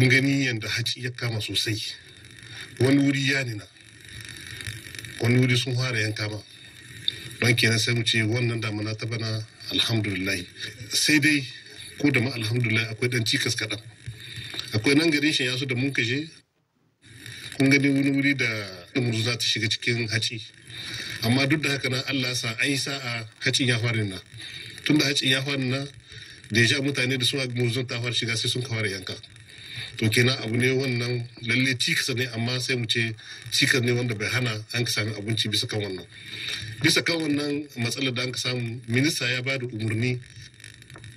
kun gani yadda haci ya kama sosai wani wuri ya nina wani wuri sun fara yan kama don kenan sai mu ce wannan damana ta bana alhamdulillah sai dai ko da ma alhamdulillah akwai dan cikas kaɗan akwai nan garin shi yasu da mun kaje kun gani wani wuri da murzu za ta shiga cikin haci amma duk da haka na allah sa ai sa'a hacin ya fara na tun da hacin ya fara na deja mutane da suna murzun ta fara shiga sai sun kawar yanka to kenan abu ne wannan lalle cikas ne amma sai mu ce cikas ne wanda bai hana an ka sami abinci bisa kan wannan bisa kan wannan matsalar da an ka samu minista ya ba da umarni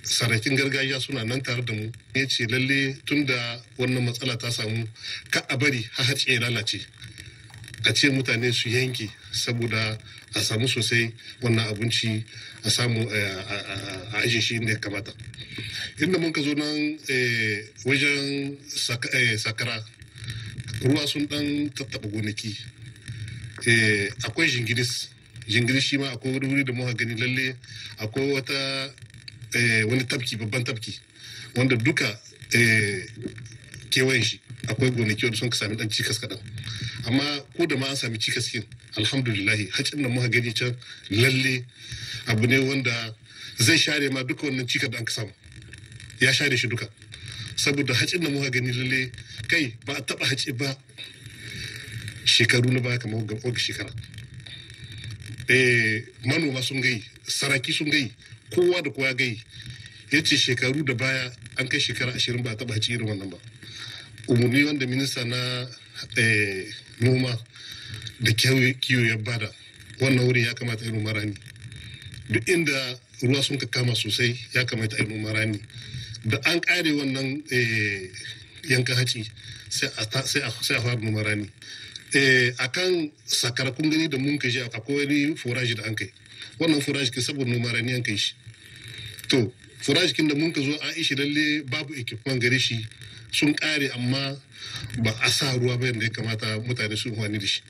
sarakin gargajiya suna nan tare da mu ya ce lalle tun da wannan matsala ta samu ka a bari har ya lalace a ce mutane su yanke saboda a samu sosai wannan abinci a samu eh, a ajiye shi inda ya kamata inda mun ka zo nan eh, wajen eh, sakara ruwa sun dan tattaba gonaki akwai jingiris jingiris shi ma akwai wani wuri da muka gani lalle akwai wata wani tabki babban tafki wanda duka kewayen shi akwai gonaki wanda sun ka sami dan cikas kadan amma ko da ma an sami cikas yin alhamdulillahi hacin nan muka gani can lalle abu ne wanda zai share ma duka wannan cikas da an ka samu ya share shi duka saboda hacin nan muka gani lalle kai ba a taba haci ba shekaru na baya kamar ga shekara eh, manoma sun gai saraki sun gai kowa da kowa gai ya ce shekaru da baya an kai shekara ashirin ba a taba haci irin wannan ba umarni wanda minista na eh, noma da kiwo ya bada wannan wurin ya kamata irin marani duk inda ruwa sun ka kama sosai ya kamata irin marani da an kare wannan eh, yanka haci sai a fara noma rani eh, a kan sakarakun gani da mun kashi a wani furaji da an kai wannan furaji ke saboda noma rani an kai shi to furajikin da mun ka zo a ishi lalle babu ekipman gare shi sun kare amma ba a sa ruwa ba yadda ya kamata mutane su wani da shi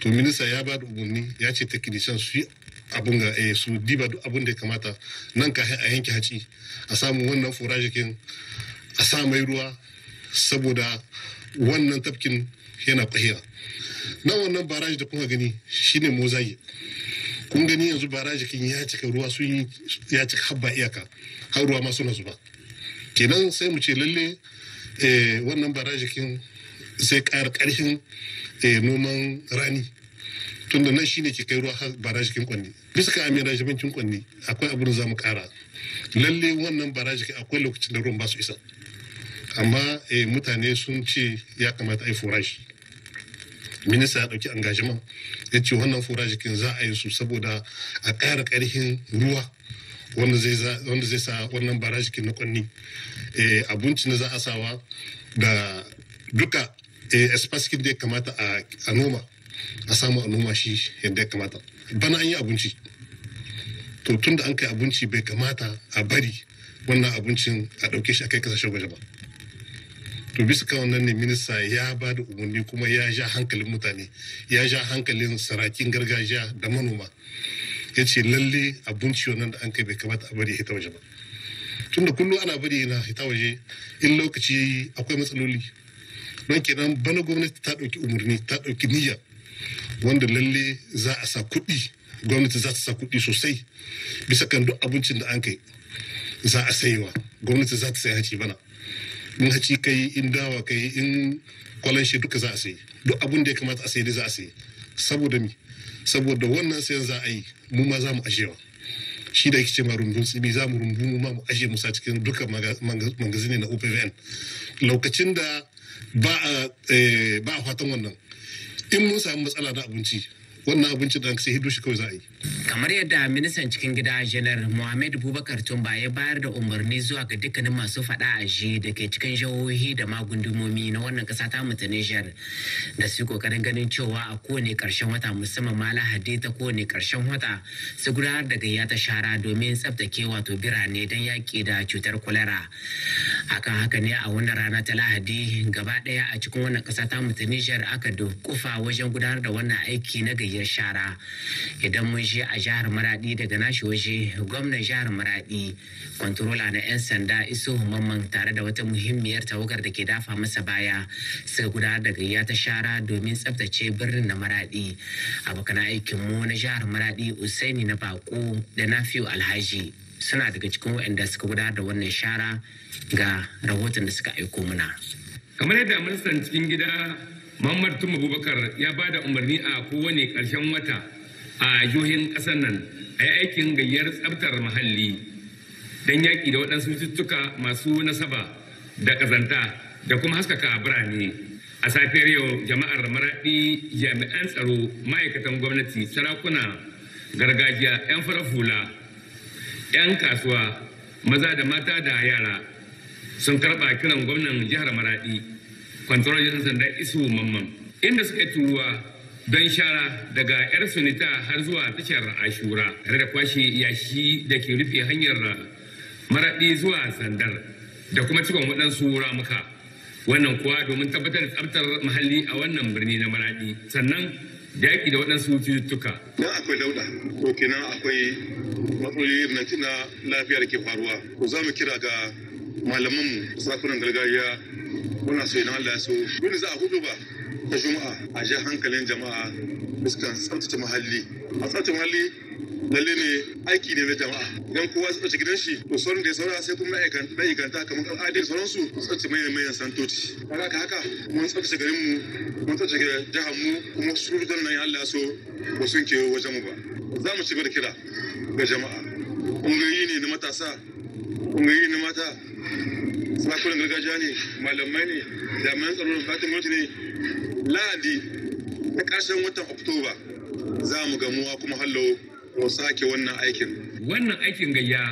to minista ya ba da umarni ya ce technician su abun ga eh su diba duk abun da ya kamata nan ka a yanke haci a samu wannan furajikin a sa mai ruwa saboda wannan tafkin yana kwahiya nan wannan baraji da kuma gani shine mozayi kun gani yanzu barajikin ya cika ruwa sun ya cika habba iyaka har ruwa ma suna zuba kenan sai mu ce lalle Eh, wannan barajikin zai ƙara ƙarfin eh, noman rani tunda nan shine ke kai ruwa har barajikin kwanni. bisa ka amira jibancin kwanne akwai abin da za mu ƙara lalle wannan barajikin akwai lokacin da ruwan ba su isa amma eh, mutane sun ce ya kamata a yi furashi minista ya ɗauki engagement ya ce wannan forajikin za a yi su saboda a ƙara ƙarfin ruwa wanda zai sa wannan baraji na nukwanni eh, abinci na za a sawa da duka eh, espasikin da ya kamata a noma a samu a noma shi yadda ya kamata bana an yi abinci to tun da an kai abinci bai kamata a bari wannan abincin a ɗauke shi a kai kasashen waje ba to bisa kan wannan ne minista ya ba da umarni kuma ya ja hankalin mutane ya ja hankalin sarakin gargajiya da manoma ya ce lalle abinci wannan da an kai bai kamata a bari ya hita waje ba tunda kullum ana bari yana hita waje in lokaci akwai matsaloli don kenan bana gwamnati ta ɗauki umarni ta ɗauki niyya wanda lalle za a sa kuɗi gwamnati za ta sa kuɗi sosai bisa kan duk abincin da an kai za a sayewa gwamnati za ta sayi haci bana in haci kai in dawa kai in kwalan duka za a sayi duk abin da ya kamata a sayi za a sayi saboda mi saboda wannan sayan za a yi mu ma za mu wa shi da yake ce ma rumbun tsibi za mu rumbu mu ma mu aje musa cikin duka magazine na O.P.V.N lokacin da eh, ba a fatan wannan in mun samu matsala na abinci wannan abinci da sai hidu shi kawai za a yi kamar yadda ministan cikin gida janar Mohamed bubakar tumba ya bayar da umarni zuwa ga dukkanin masu faɗa a shi da ke cikin jihohi da magundumomi na wannan kasa ta mu tunisia da su kokarin ganin cewa a kowane karshen wata musamman ma lahadi ta kowane karshen wata su gudanar da gayya ta shara domin tsabtace wato birane don yaƙi da cutar kwalara akan haka ne a wannan rana ta lahadi gaba ɗaya a cikin wannan kasa ta mu tunisia aka kufa wajen gudanar da wannan aiki na gayya ya shara idan mun je a jihar maradi daga nashi waje gwamnan jihar maradi kwantarola na 'yan sanda iso mamman tare da wata muhimmiyar tawagar da ke dafa masa baya suka gudanar da gayya ta shara domin tsabtace birnin na maradi abokan aikin mu na jihar maradi usaini na bako da nafiu alhaji suna daga cikin waɗanda suka gudanar da wannan shara ga rahoton da suka aiko mana kamar yadda ministan cikin gida muhammad tun abubakar ya ba da umarni a kowane ƙarshen wata a jihohin ƙasar nan a yi aikin gayyar tsabtar muhalli don yaƙi da waɗansu cututtuka masu nasaba da ƙazanta da kuma haskaka birane a safiyar yau jama'ar maraɗi jami'an tsaro ma'aikatan gwamnati sarakuna gargajiya 'yan farar 'yan kasuwa maza da mata da yara sun karɓa kiran gwamnan jihar maraɗi kwantarorin 'yan sanda isu mamman inda suka turuwa don shara daga yar sunita har zuwa tashar ashura tare da kwashe yashi da ke rufe hanyar maraɗi zuwa sandar da kuma cikon waɗansu ramuka wannan kuwa domin tabbatar da tsabtar muhalli a wannan birni na maraɗi sannan da yaƙi da waɗansu cututtuka. Na akwai dauda ko kenan akwai matsaloli na na lafiya da ke faruwa ko za mu kira ga malamanmu sakunan gargajiya muna so idan Allah ya so dole za a hudu ba ta juma'a a ja hankalin jama'a fuskan tsaftace muhalli a tsaftace muhalli lalle ne aiki ne na jama'a idan kowa su tsaci gidan shi to sauran da ya saura sai kuma ma'aikanta kamar al'adar sauran su tsaci mai mayan santoci kaga ka haka mun tsaftace garin mu mun tsaftace jihar mu kuma surdan nan Allah ya so ba sun ke wajen mu ba za mu ci da kira ga jama'a ƙungiyoyi ne na matasa ne na mata sarakunan gargajiya ne malamai ne jami'an tsaro da fatin mutu ne lahadi na ƙarshen watan oktoba za mu gamuwa kuma hallo ko sake wannan aikin wannan aikin gayya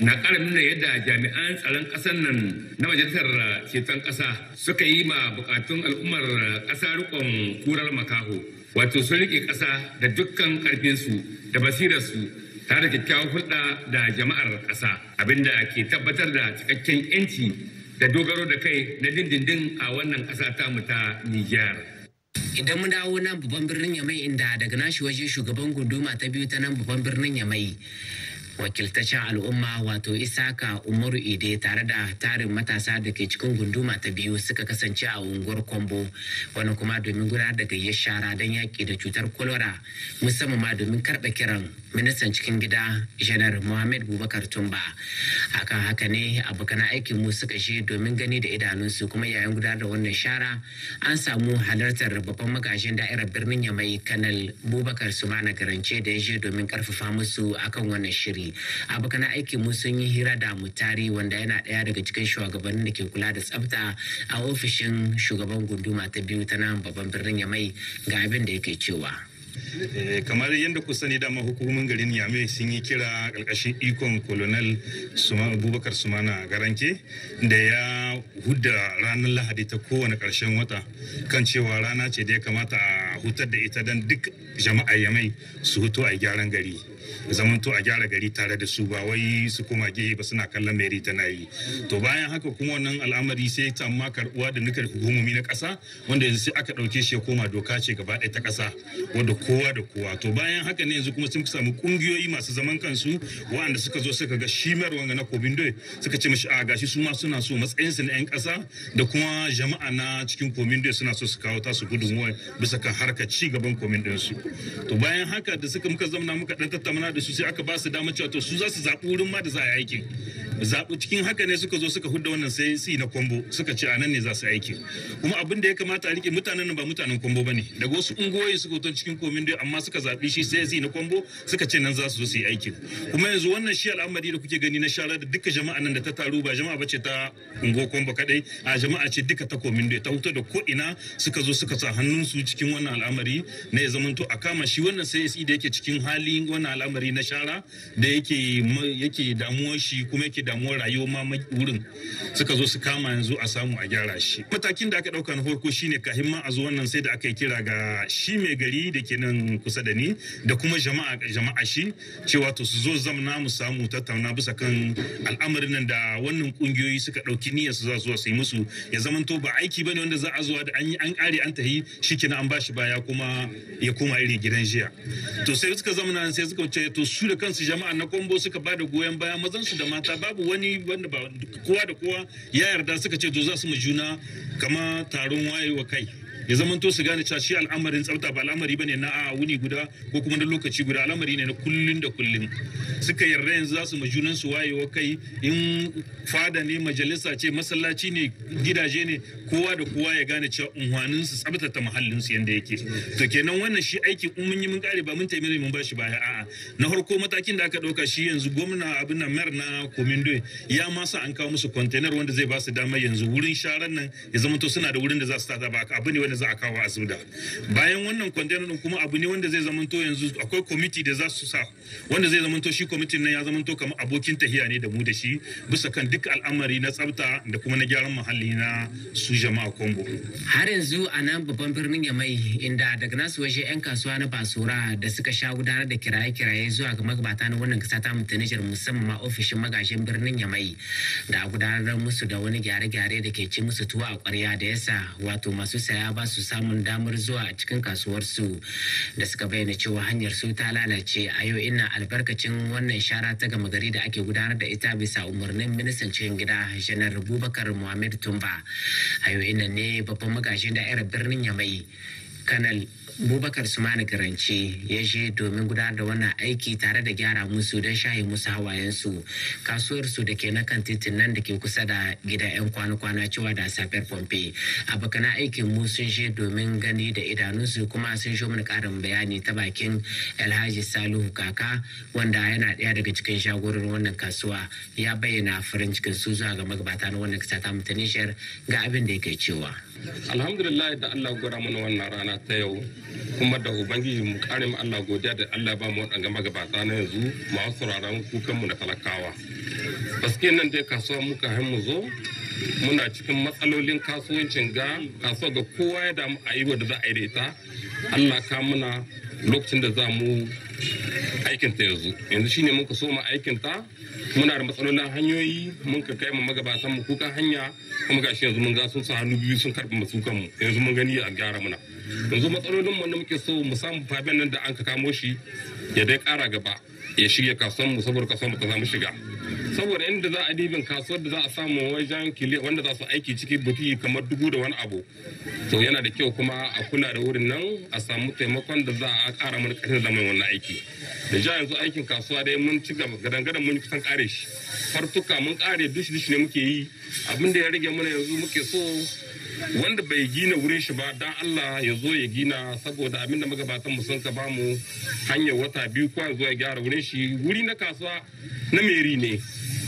na ƙara nuna yadda jami'an tsaron ƙasar nan na majalisar ceton ƙasa suka yi ma bukatun al'ummar ƙasa riƙon kurar makaho wato sun riƙe ƙasa da dukkan ƙarfinsu da basirarsu ta da kyakkyawan hulɗa da jama'ar ƙasa abinda ke tabbatar da cikakken 'yanci da dogaro da kai na dindindin a wannan ƙasa tamu ta Nijar. idan mun dawo nan babban birnin yamai inda daga nashi waje shugaban gunduma ta biyu ta nan babban birnin yamai wakiltaccen al'umma wato isaka umaru ide tare da tarin matasa da ke cikin gunduma ta biyu suka kasance a unguwar kwambo wani kuma domin gudanar da gayyar shara don yaƙi da cutar kolora musamman ma domin karɓa kiran ministan cikin gida janar muhammad bubakar tumba akan haka ne abokan aikin mu suka je domin gani da idanunsu kuma yayin gudanar da wannan shara an samu halartar babban magajin da'irar birnin yamai kanal bubakar su sumana garance da ya je domin karfafa musu akan wannan shiri A abokan aikin mu sun yi hira da mutari wanda yana ɗaya daga cikin shugabannin da ke kula da tsafta a ofishin shugaban gunduma ta biyu ta nan babban birnin yamai ga abin da yake cewa eh, kamar yadda ku sani dama hukumomin garin yame sun yi kira karkashin ikon Kolonel abubakar sumana garanke da ya hudda ranar lahadi ta kowane karshen wata kan cewa rana ce da ya kamata a hutar da ita don duk jama'a yamai su hutu a gyaran gari zamanto a gyara gari tare da su ba wai su koma gehe ba suna kallon mai tana yi to bayan haka kuma wannan al'amari sai ta amma karɓuwa da nukar hukumomi na ƙasa wanda yanzu sai aka ɗauke shi ya koma doka ce gaba ɗaya ta ƙasa wanda kowa da kowa to bayan haka ne yanzu kuma sun samu ƙungiyoyi masu zaman kansu waɗanda suka zo suka ga shimar wanga na kobindo suka ce mashi a gashi su ma suna so matsayinsu na 'yan ƙasa da kuma jama'a na cikin kobindo suna so su kawo tasu gudunmuwa bisa kan harkar ci gaban komin su to bayan haka da suka muka zamna muka ɗan tattauna da su sai aka ba su dama cewa to su za su zaɓi wurin ma da za a yi aikin zaɓi cikin haka ne suka zo suka hudda wannan sai si na kwambo suka ce a nan ne za su aiki kuma abin da ya kamata a rike mutanen nan ba mutanen kwambo ba ne daga wasu ungoyi suka hoton cikin komin dai amma suka zaɓi shi sai si na kwambo suka ce nan za su zo su yi aikin kuma yanzu wannan shi al'amari da kuke gani na shara da duka jama'a nan da ta taru ba jama'a bace ta ungo kwambo kadai a jama'a ce duka ta komin dai ta huto da ko ina suka zo suka sa hannun su cikin wannan al'amari na ya zamanto a kama shi wannan sai si da yake cikin halin wannan al'amari na shara da yake yake damuwar shi kuma yake damuwar rayuwa ma wurin suka zo su kama yanzu a samu a gyara shi matakin da aka dauka na farko shine ka himma a zo wannan sai da aka yi kira ga shi mai gari da ke nan kusa da ni da kuma jama'a jama'a shi cewa to su zo zamna mu samu tattauna bisa kan al'amarin nan da wannan kungiyoyi suka dauki niyyar su za su yi musu ya zamanto ba aiki bane wanda za a zuwa da an yi an kare an tahi kenan an bashi baya kuma ya koma irin gidan jiya to sai suka zamna sai suka ce to su da kansu jama'a na kombo suka ba da goyon baya mazan su da mata babu babu wani wanda ba kowa da kowa ya yarda suka ce to za su mu juna kama taron wayewa kai ya zamanto su gane cewa shi al'amarin tsafta ba al'amari bane na a wuni guda ko kuma na lokaci guda al'amari ne na kullun da kullun suka yarda yanzu za su ma junan su wayewa kai in fada ne majalisa ce masallaci ne gidaje ne kowa da kowa ya gane cewa unhwanin su tsabtata muhallin su yanda yake to kenan wannan shi aikin in mun yi mun kare ba mun taimake mun bashi a a'a na farko matakin da aka dauka shi yanzu gwamna abin nan mayar na komindo ya ma sa an kawo musu container wanda zai ba su damar yanzu wurin sharan nan ya zama to suna da wurin da za su tata ba abu ne wanda za a kawo zuda bayan wannan kwandena din kuma abu ne wanda zai zamanto yanzu akwai kwamiti da za su sa wanda zai zamanto shi kwamitin nan ya zamanto kamar abokin tahiya ne da mu da shi bisa kan duk al'amari na tsafta da kuma na gyaran muhalli na su jama'a Kongo har yanzu a nan babban birnin Yamai inda daga nasu waje 'yan kasuwa na basura da suka sha gudanar da kiraye-kiraye zuwa ga magabata na wannan kasa ta jar musamman ma ofishin magashin birnin Yamai da gudanar musu da wani gyare-gyare da ke ci musu tuwa a kwarya da yasa wato masu saya ba su samun damar zuwa a cikin kasuwarsu da suka bayyana cewa hanyar su ta lalace a yau ina albarkacin wannan shara ta gama gari da ake gudanar da ita bisa umarnin ministan cikin gida janar bubakar muhammad tumba a yau ina ne babban magajin da birnin yamai kanal Bubakar Sumani garanci ya je domin gudanar da wannan aiki tare da gyara musu don shaye musu hawayensu kasuwar su da ke na kan titin nan da ke kusa da gida 'yan kwana-kwana cewa da safiyar Pompe. bakana aikin mu sun je domin gani da idanunsu kuma sun sho mana karin bayani ta bakin Alhaji Salihu Kaka wanda yana ɗaya daga cikin shagorin wannan kasuwa ya bayyana farin cikin su zuwa ga magabata na wannan kasa ta mutane ga abin da yake cewa. Alhamdulillah da Allah gwara mana wannan rana ta yau kuma da ubangiji mu kare mu Allah godiya da Allah ba mu wadanga magabata na yanzu masu sauraron kukan mu na talakawa gaskiya nan dai kasuwa muka hin mu zo muna cikin matsalolin kasuwancin ga kasuwa ga kowa ya damu a da za a yi da ita Allah ka muna lokacin da za mu aikinta yanzu yanzu shine mun ka so mu aikinta muna da matsalolin hanyoyi mun ka kai mu magabatan mu kukan hanya kuma gashi yanzu mun ga sun sa hannu biyu sun karbi masukan mu yanzu mun gani a gyara muna yanzu matsalolin mu da muke so mu samu faben nan da an ka kamo shi ya dai kara gaba ya shirya kasuwar mu saboda kasuwar mu ta samu shiga saboda inda za a dibin kasuwar da za a samu wajen kiliya wanda za su aiki ciki buti kamar dubu da wani abu to yana da kyau kuma a kula da wurin nan a samu taimakon da za a kara mana karfin zaman wannan aiki da ja yanzu aikin kasuwa dai mun ci gaba gadan mun kusan kare shi fartuka mun kare dushi dushi ne muke yi abin da ya rage mana yanzu muke so wanda bai gina wurin shi ba dan Allah ya zo ya gina saboda abinda magabatan mu sun ka ba mu hanyar wata biyu kwa zuwa gyara wurin shi wuri na kasuwa na meri ne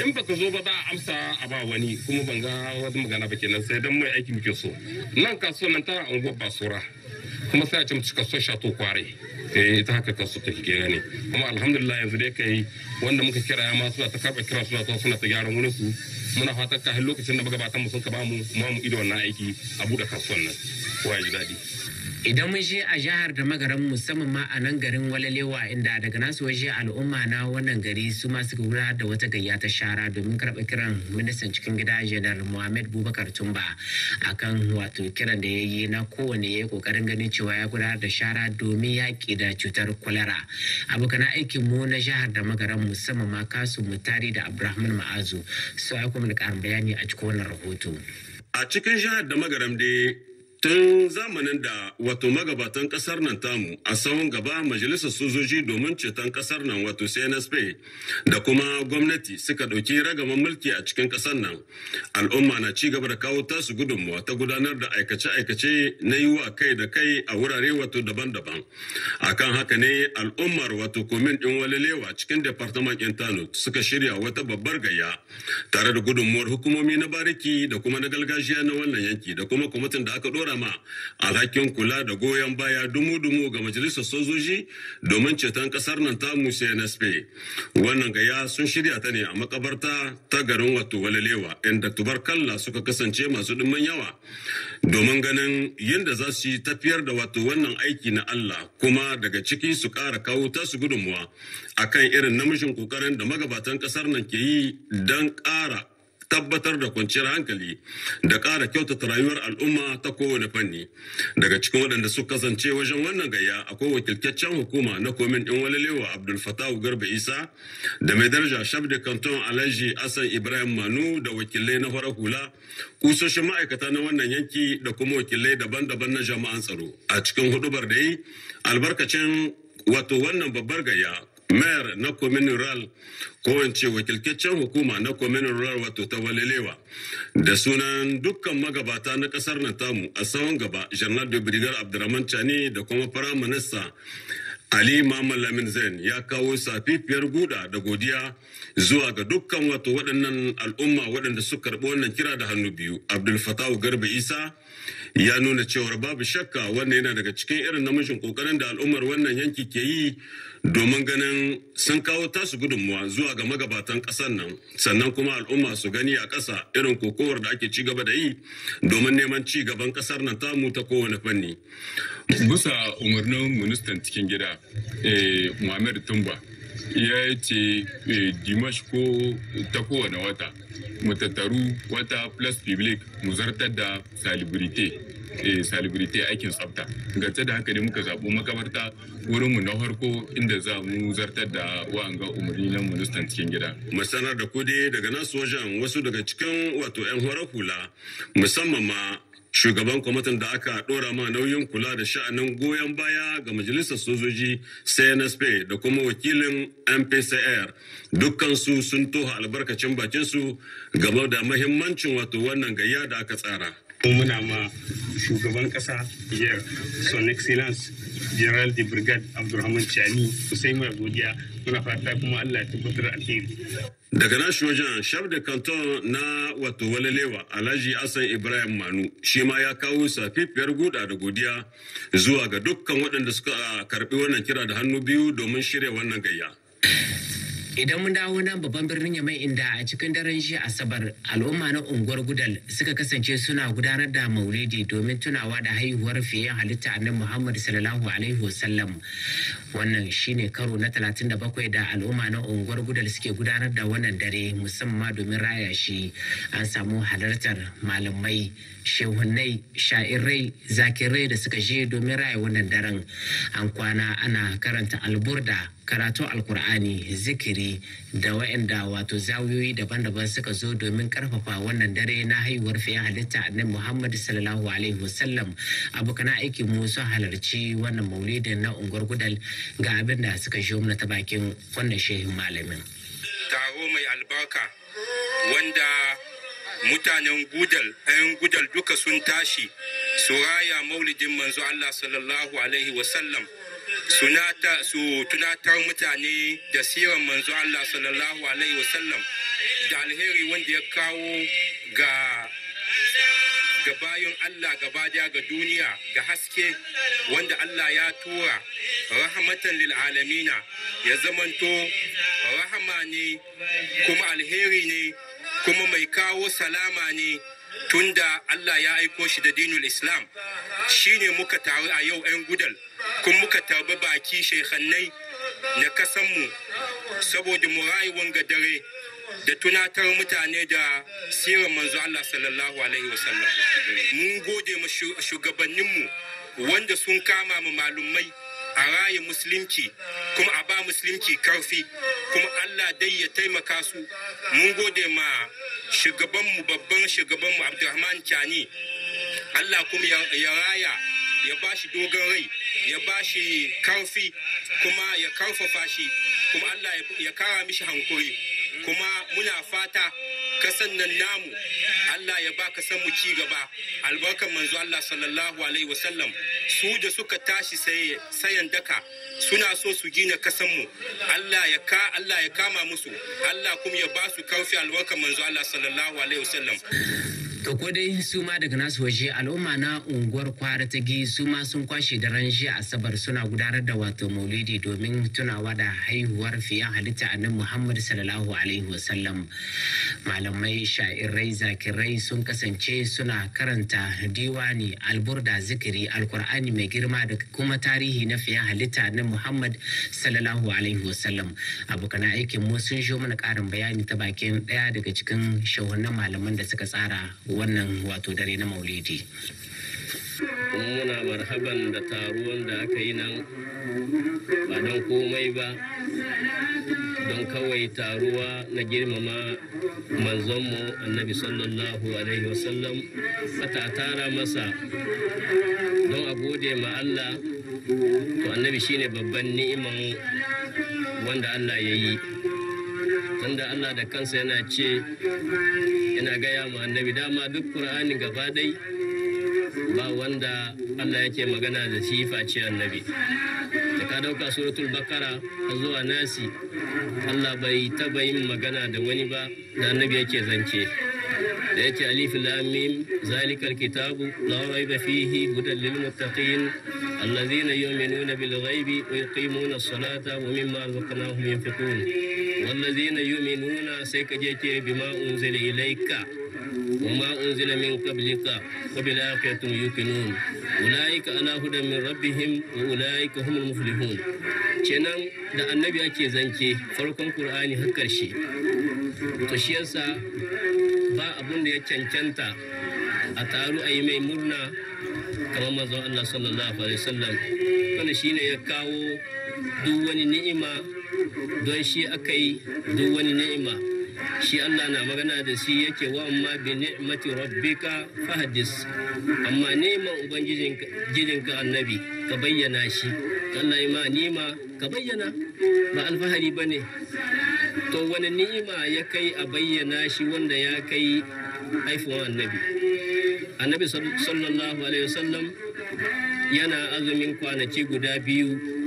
in baka zo ba za a amsa a ba wani kuma ban ga wata magana ba kenan sai dan mai aiki muke so nan kasuwa nan ta unguwar basura kuma sai a ce mutu kasuwar shato kware eh, ita haka kasu ta ke gane kuma alhamdulillah yanzu dai kai wanda muka kira ya ma suna ta karba kira suna ta suna ta gyaran wurin su muna fatan kafin lokacin da magabatan mu sun ka ba mu ido wannan aiki a buɗe kasuwan nan kowa ya ji daɗi idan mun je a jihar da magaran musamman ma a nan garin walalewa inda daga nasu waje al'umma na wannan gari su ma suka gudanar da wata gayya ta shara domin karɓa kiran ministan cikin gida janar muhammad bubakar tumba akan wato kiran da ya yi na kowane ya yi kokarin ganin cewa ya gudanar da shara domin yaƙi da cutar kwalara abokan aikin mu na jihar da magaran musamman ma kasu mutari da abdulrahman ma'azu su aiko da bayani a cikin wannan rahoto a cikin jihar da magaram dai Tun zamanin da wato magabatan kasar nan tamu a tsawon gaba majalisar sojoji domin ceton kasar nan wato CNSP da kuma gwamnati suka ɗauki ragaman mulki a cikin kasar nan. Al'umma na ci gaba da kawo tasu gudummawa ta gudanar da aikace-aikace na yi wa kai da kai a wurare wato daban-daban. Akan haka ne al'ummar wato komin ɗin walilewa cikin departament Intano suka shirya wata babbar gayya tare da gudunmuwar hukumomi na bariki da kuma na gargajiya na wannan yanki da kuma kwamitin da aka ɗora a alhakin kula da goyon baya dumu-dumu ga majalisar sojoji domin ceton kasar nan ta musa nsp wannan gaya sun shirya ta ne a makabarta ta garin wato walalewa inda tubar tubarkalla suka kasance masu dimman yawa domin ganin yadda za su yi tafiyar da wato wannan aiki na allah kuma daga ciki su ƙara kawo tasu gudunmuwa akan irin namijin ƙoƙarin da magabatan ƙasar nan ke yi don ƙara tabbatar da kwanciyar hankali da ƙara kyautata rayuwar al'umma ta kowane fanni daga cikin waɗanda su kasance wajen wannan gayya akwai wakiltaccen hukuma na komin ɗin walilewa abdul fatahu garba isa da mai daraja shabda kanton alhaji asan ibrahim manu da wakilai na farar hula kusoshin ma'aikata na wannan yanki da kuma wakilai daban-daban na jama'an tsaro a cikin hudubar da yi albarkacin wato wannan babbar gayya mayar na communal rural ko in ce hukuma na communal rural wato ta walelewa da sunan dukkan magabata na kasar nan tamu a tsawon gaba janar da brigar abdurrahman chani da kuma fara minista Ali mamman Lamin Zain ya kawo safifiyar guda da godiya zuwa ga dukkan wato waɗannan al'umma waɗanda suka karɓi wannan kira da hannu biyu. Abdul Garba Isa ya nuna cewar babu shakka wannan yana daga cikin irin namijin kokarin da al'ummar wannan yanki ke yi domin ganin sun kawo tasu gudunmuwa zuwa ga magabatan ƙasar nan sannan kuma al'umma su gani a ƙasa irin kokowar da ake ci gaba da yi domin neman ci gaban ƙasar nan tamu ta kowane fanni. Bisa umarnin ministan cikin gida, eh, muhammadu Tumba, ya ce eh, dimash ko ta kowane wata mu tattaru wata plus public mu zartar da salibrite eh, salibirite aikin tsafta gace da haka ne muka zaɓi makabarta mu na harko inda za mu zartar da wa'anga umarni na ministan cikin gida. sanar da kudi daga nasu wajen wasu daga cikin wato 'yan hula musamman ma shugaban kwamitin da aka dora ma nauyin kula da sha'anin goyon baya ga majalisar sojoji cnsp da kuma wakilin mpcr dukkansu sun toha albarkacin bakinsu game da mahimmancin wato wannan gayya da aka tsara kuma muna ma shugaban kasa jiyar son excellence general de brigade abdulrahman chani sai mai godiya muna fata kuma allah ta tabbatar alheri daga nashi wajen shaf da kanton na wato walalewa alhaji asan ibrahim manu shi ma ya kawo safifiyar guda da godiya zuwa ga dukkan waɗanda suka karɓi wannan kira da hannu biyu domin shirya wannan gayya Idan mun dawo nan babban birnin Yamai inda a cikin daren jiya Asabar al'umma na unguwar Gudal suka kasance suna gudanar da maulidi domin tunawa da haihuwar fiyen halitta annabi Muhammad sallallahu alaihi wasallam. Wannan shine karo na 37 da al'umma na unguwar Gudal suke gudanar da wannan dare musamman domin raya shi. An samu halartar malamai, shehunai, sha'irai, zakirai da suka je domin raya wannan daren. An kwana ana karanta alburda karatun alkur'ani zikiri da wa'anda wato zawiyoyi daban-daban suka zo domin karfafa wannan dare na haihuwar fiye halitta na muhammad sallallahu alaihi wasallam abokan aikin mu sun halarci wannan maulidin na unguwar gudal ga abin da suka shi ta bakin wannan shehin malamin taro mai albarka wanda mutanen gudal ayan gudal duka sun tashi sura'ya raya maulidin manzo allah sallallahu alaihi wasallam su tunatar mutane da siran manzo Allah sallallahu alaihi wasallam da alheri wanda ya kawo ga ga bayan Allah gaba daya ga duniya ga haske wanda Allah ya tura rahmatan lil alamina ya zamanto rahama ne kuma alheri ne kuma mai kawo salama ne tunda Allah ya aiko shi da dinul Islam shine muka taru a yau 'yan gudal kun muka taba baki shekannai na kasanmu saboda mu rayuwar dare da tunatar mutane da sirar manzo Allah sallallahu alaihi wasallam mun gode ma shugabanninmu wanda sun kama mu malumai a raye musulunci kuma a ba musulunci karfi kuma Allah dai ya taimaka su mun gode ma shugabanmu babban shugabanmu Abdulrahman Chani Allah kuma ya raya ya ba shi dogon rai ya ba shi kamfi kuma ya kamfafa shi kuma Allah ya kawo mishi hankuri kuma muna fata kasan nan namu Allah ya ba ka san mu ci gaba albarkan manzo Allah sallallahu alaihi wasallam su da suka tashi sayan daka suna so su gina kasan mu Allah ya ka Allah ya kama musu Allah kuma ya ba su kaufi albarkan manzo Allah sallallahu alaihi wasallam To ko dai su ma daga nasu waje al'umma na unguwar kwara ta gi su ma sun kwashe daren jiya asabar suna gudanar da wato maulidi domin tunawa da haihuwar fiyan halitta annabi Muhammad sallallahu alaihi wasallam. Malamai sha'irai zakirai sun kasance suna karanta diwani alburda zikiri alkur'ani mai girma da kuma tarihi na fiyan halitta annabi Muhammad sallallahu alaihi wasallam. Abokan aikin mu sun mana karin bayani ta bakin ɗaya daga cikin shahunan malaman da suka tsara wannan wato dare na maulidi muna marhaban da taruwan da aka yi nan ba don komai ba don kawai taruwa na girmama manzonmu annabi sallallahu alaihi wasallam aka tara masa don a gode ma Allah to annabi shine babban ni'iman wanda Allah ya yi tunda Allah da kansa yana ce yana gaya mu annabi dama duk qur'ani gaba dai ba wanda Allah yake magana da shi face annabi da ka dauka suratul bakara zuwa nasi Allah bai taba yin magana da wani ba da annabi yake zance da yake alif lam mim zalikal kitabu la raiba fihi hudal lil muttaqin alladhina yu'minuna bil ghaibi wa yuqimuna as-salata wa mimma razaqnahum yunfiqun wallazina yu'minuna sai ka je ce bima unzila ilayka وما أنزل من قبلك وبالآخرة يوقنون أولئك على هدى من ربهم وأولئك هم المفلحون kenan da annabi ake zance farkon qur'ani har karshe to shi yasa ba abin da ya cancanta a taru a yi mai murna kamar manzon Allah sallallahu alaihi wasallam shi shine ya kawo duk wani ni'ima don shi aka yi duk wani ni'ima shi Allah na magana da shi yake wa amma bi ni'mati rabbika fahdis amma neman ka annabi ka bayyana shi Allah ya ma nima ka bayyana ba alfahari bane to wani ni'ima ya kai a bayyana shi wanda ya kai haifuwan annabi annabi sallallahu alaihi wasallam yana azumin kwanaki guda biyu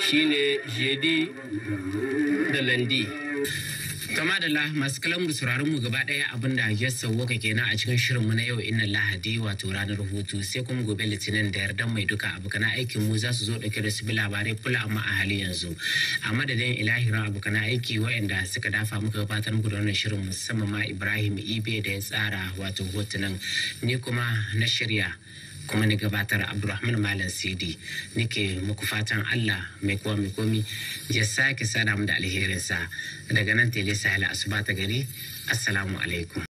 shine jedi da landi kama da la masu kalan mu sauraron mu gaba daya abin da ya sauwaka kenan a cikin shirinmu na yau inna lahadi wato ranar hutu sai kuma gobe litinin da yarda mai duka abokan aikin mu za su zo dauke da su bi labarai kula amma a hali yanzu a madadin ilahiran abokan aiki waɗanda suka dafa muka gabatar muku da wannan shirin musamman ma ibrahim ibe da ya tsara wato hotunan ni kuma na shirya kuma ni gabatar abdulrahman malam sidi nake muku fatan allah mai kowa mai komi ya sake sada mu da alherinsa daga nan tele sahila asuba ta gari assalamu alaikum